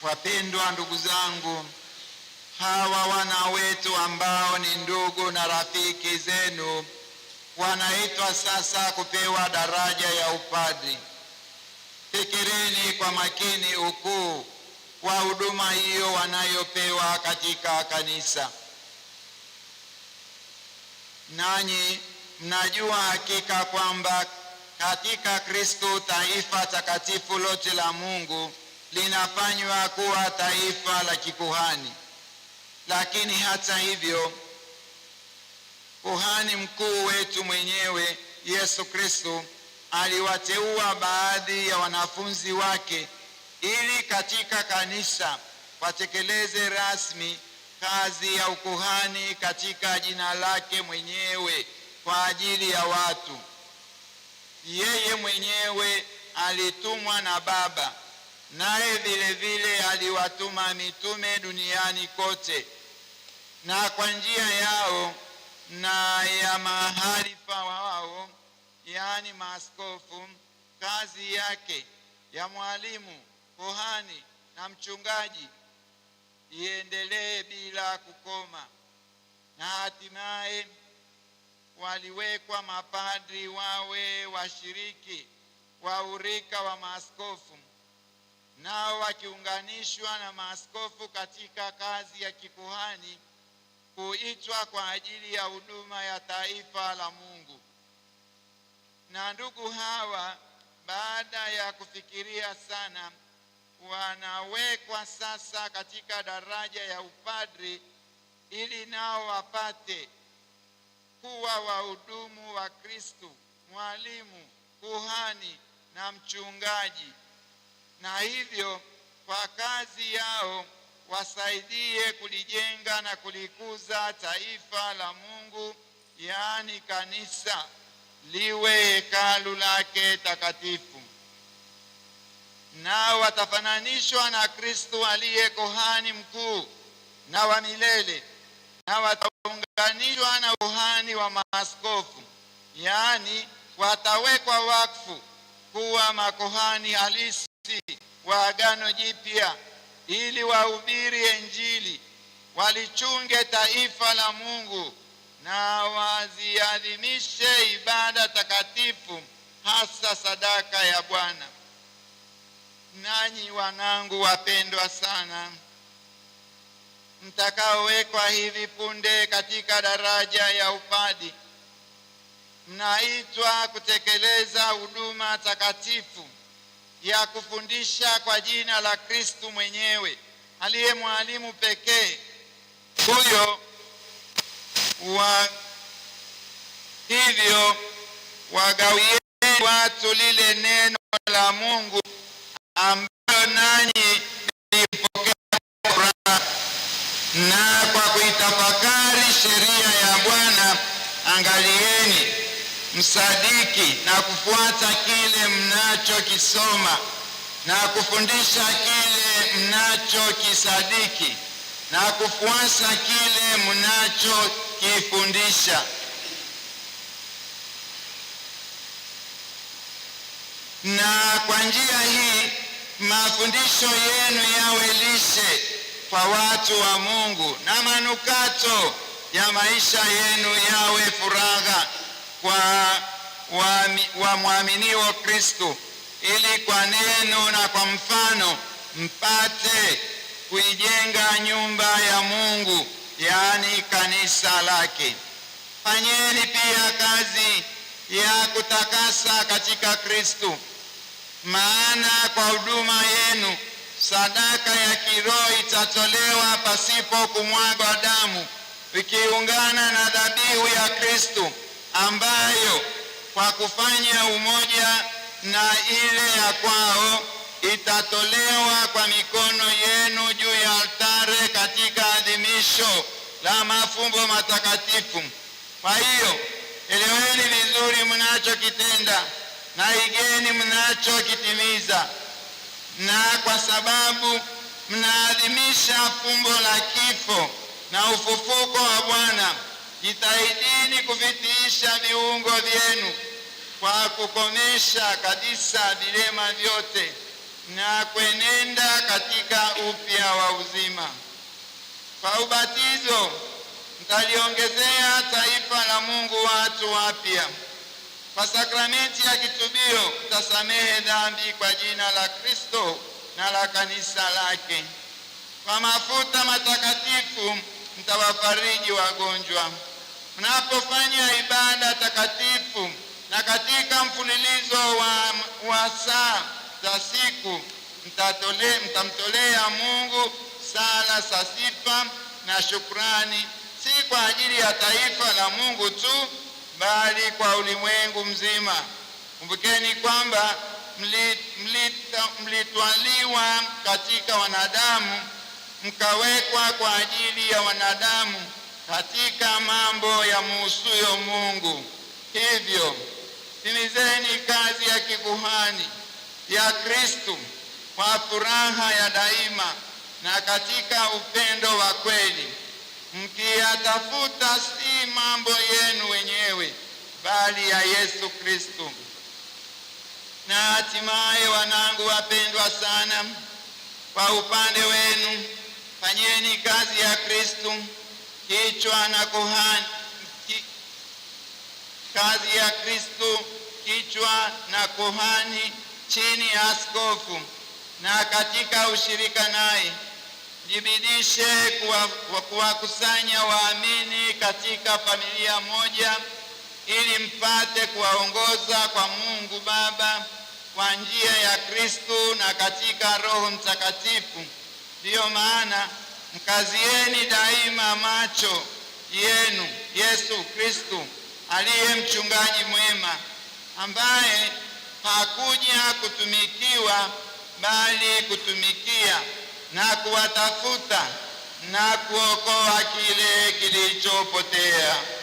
Wapendwa ndugu zangu, hawa wana wetu ambao ni ndugu na rafiki zenu wanaitwa sasa kupewa daraja ya upadri. Fikireni kwa makini ukuu wa huduma hiyo wanayopewa katika kanisa. Nanyi mnajua hakika kwamba katika Kristo taifa takatifu lote la Mungu linafanywa kuwa taifa la kikuhani. Lakini hata hivyo, kuhani mkuu wetu mwenyewe Yesu Kristo aliwateua baadhi ya wanafunzi wake ili katika kanisa watekeleze rasmi kazi ya ukuhani katika jina lake mwenyewe kwa ajili ya watu. Yeye mwenyewe alitumwa na Baba naye vile vile aliwatuma mitume duniani kote, na kwa njia yao na ya mahalifa wao, yaani maaskofu, kazi yake ya mwalimu, kohani na mchungaji iendelee bila kukoma, na hatimaye waliwekwa mapadri wawe washiriki wa urika wa maaskofu nao wakiunganishwa na maaskofu katika kazi ya kikuhani, kuitwa kwa ajili ya huduma ya taifa la Mungu. Na ndugu hawa, baada ya kufikiria sana, wanawekwa sasa katika daraja ya upadri ili nao wapate kuwa wahudumu wa Kristo, mwalimu, kuhani na mchungaji na hivyo kwa kazi yao wasaidie kulijenga na kulikuza taifa la Mungu, yaani kanisa liwe hekalu lake takatifu. Nao watafananishwa na Kristo aliye kohani mkuu na wa milele, na wataunganishwa na uhani wa maaskofu, yaani watawekwa wakfu kuwa makohani halisi wa Agano Jipya ili wahubiri Injili, walichunge taifa la Mungu na waziadhimishe ibada takatifu, hasa sadaka ya Bwana. Nanyi wanangu wapendwa sana, mtakaowekwa hivi punde katika daraja ya upadi, mnaitwa kutekeleza huduma takatifu ya kufundisha kwa jina la Kristu mwenyewe aliye mwalimu pekee huyo wa hivyo wagawieni watu lile neno la Mungu ambayo nanyi mlipokea Torati, na kwa kuitafakari sheria ya Bwana angalieni msadiki na kufuata kile mnachokisoma na kufundisha kile mnachokisadiki na kufuasa kile mnachokifundisha. Na kwa njia hii mafundisho yenu yawe lishe kwa watu wa Mungu na manukato ya maisha yenu yawe furaha kwa wamwaminio wa Kristo, ili kwa neno na kwa mfano mpate kuijenga nyumba ya Mungu, yaani kanisa lake. Fanyeni pia kazi ya kutakasa katika Kristo, maana kwa huduma yenu sadaka ya kiroho itatolewa pasipo kumwagwa damu, ikiungana na dhabihu ya Kristo ambayo kwa kufanya umoja na ile ya kwao itatolewa kwa mikono yenu juu ya altare katika adhimisho la mafumbo matakatifu. Kwa hiyo eleweni vizuri mnachokitenda na igeni mnachokitimiza, na kwa sababu mnaadhimisha fumbo la kifo na ufufuko wa Bwana jitahidini kuvitiisha viungo vyenu kwa kukomesha kabisa vilema vyote na kwenenda katika upya wa uzima. Kwa ubatizo mtaliongezea taifa la Mungu watu wapya. Kwa sakramenti ya kitubio mtasamehe dhambi kwa jina la Kristo na la kanisa lake. Kwa mafuta matakatifu mtawafariji wagonjwa tunapofanya ibada takatifu na katika mfululizo wa, wa saa za siku mtamtolea Mungu sala za sifa na shukrani, si kwa ajili ya taifa la Mungu tu, bali kwa ulimwengu mzima. Kumbukeni kwamba mlitwaliwa katika wanadamu, mkawekwa kwa ajili ya wanadamu katika mambo ya muhusuyo Mungu. Hivyo timizeni kazi ya kikuhani ya Kristu kwa furaha ya daima na katika upendo wa kweli, mkiyatafuta si mambo yenu wenyewe, bali ya Yesu Kristu. Na hatimaye, wanangu wapendwa sana, kwa upande wenu fanyeni kazi ya Kristu kichwa na kuhani ki, kazi ya Kristo kichwa na kuhani chini ya askofu na katika ushirika naye jibidishe kuwakusanya waamini katika familia moja ili mpate kuwaongoza kwa Mungu Baba kwa njia ya Kristo na katika Roho Mtakatifu. Ndiyo maana mkazieni daima macho yenu Yesu Kristo aliye mchungaji mwema, ambaye hakuja kutumikiwa, bali kutumikia na kuwatafuta na kuokoa kile kilichopotea.